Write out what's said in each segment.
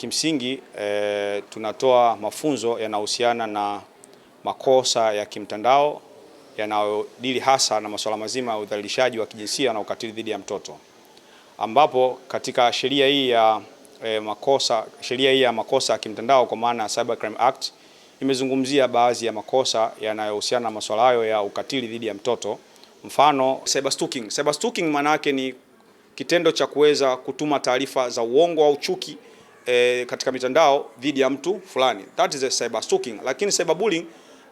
Kimsingi e, tunatoa mafunzo yanayohusiana na makosa ya kimtandao yanayodili hasa na masuala mazima ya udhalilishaji wa kijinsia na ukatili dhidi ya mtoto, ambapo katika sheria hii ya e, makosa sheria hii ya makosa ya kimtandao kwa maana ya Cyber Crime Act imezungumzia baadhi ya makosa yanayohusiana na masuala hayo ya ukatili dhidi ya mtoto, mfano cyber stalking. Cyber stalking maana yake ni kitendo cha kuweza kutuma taarifa za uongo au chuki e, katika mitandao dhidi ya mtu fulani, that is a cyber stalking. Lakini cyber bullying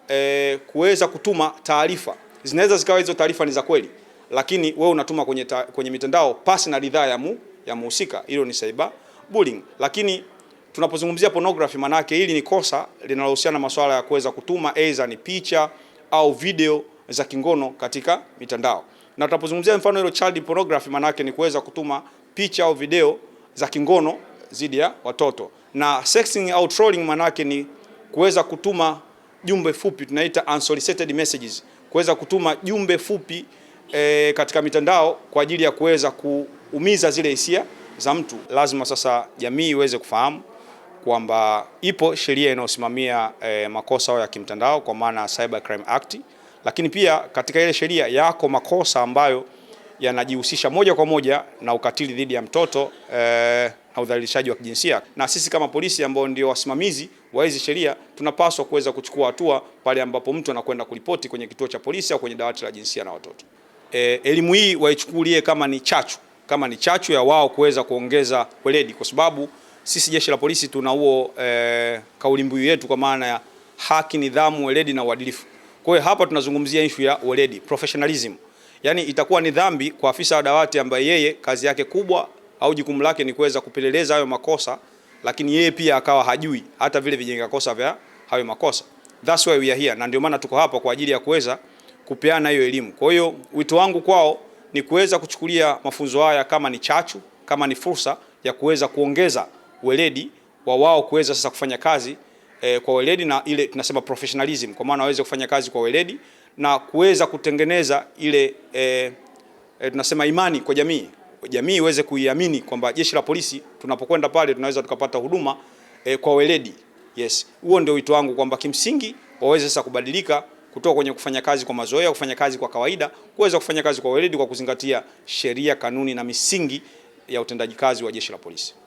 e, kuweza kutuma taarifa, zinaweza zikawa hizo taarifa ni za kweli, lakini wewe unatuma kwenye, ta, kwenye mitandao pasi na ridhaa ya mu, ya muhusika, hilo ni cyber bullying. Lakini tunapozungumzia pornography, maana yake hili ni kosa linalohusiana na masuala ya kuweza kutuma aidha ni picha au video za kingono katika mitandao. Na tunapozungumzia mfano hilo child pornography, maana yake ni kuweza kutuma picha au video za kingono dhidi ya watoto, na sexting au trolling manake ni kuweza kutuma jumbe fupi, tunaita unsolicited messages, kuweza kutuma jumbe fupi e, katika mitandao kwa ajili ya kuweza kuumiza zile hisia za mtu. Lazima sasa jamii iweze kufahamu kwamba ipo sheria inayosimamia e, makosa ya kimtandao kwa maana Cyber Crime Act, lakini pia katika ile sheria yako makosa ambayo yanajihusisha moja kwa moja na ukatili dhidi ya mtoto eh, na udhalilishaji wa kijinsia. Na sisi kama polisi ambao ndio wasimamizi wa hizi sheria tunapaswa kuweza kuchukua hatua pale ambapo mtu anakwenda kuripoti kwenye kituo cha polisi au kwenye dawati la jinsia na watoto. Eh, elimu hii waichukulie kama ni chachu, kama ni chachu ya wao kuweza kuongeza weledi, kwa sababu sisi jeshi la polisi tuna huo eh, kauli mbiu yetu kwa maana ya haki, nidhamu, weledi na uadilifu. Kwa hiyo hapa tunazungumzia ishu ya weledi, professionalism yani itakuwa ni dhambi kwa afisa wa dawati ambaye yeye kazi yake kubwa au jukumu lake ni kuweza kupeleleza hayo makosa, lakini yeye pia akawa hajui hata vile vijenga kosa vya hayo makosa. That's why we are here, na ndio maana tuko hapa kwa ajili ya kuweza kupeana hiyo elimu. Kwa hiyo wito wangu kwao ni kuweza kuchukulia mafunzo haya kama ni chachu, kama ni fursa ya kuweza kuongeza weledi wa wao kuweza sasa kufanya kazi eh, kwa weledi na ile tunasema professionalism, kwa maana waweze kufanya kazi kwa weledi na kuweza kutengeneza ile eh, eh, tunasema imani kwa jamii, jamii iweze kuiamini kwamba jeshi la polisi tunapokwenda pale tunaweza tukapata huduma eh, kwa weledi. Yes, huo ndio wito wangu kwamba kimsingi waweze sasa kubadilika kutoka kwenye kufanya kazi kwa mazoea, kufanya kazi kwa kawaida, kuweza kufanya kazi kwa weledi kwa kuzingatia sheria, kanuni na misingi ya utendaji kazi wa jeshi la polisi.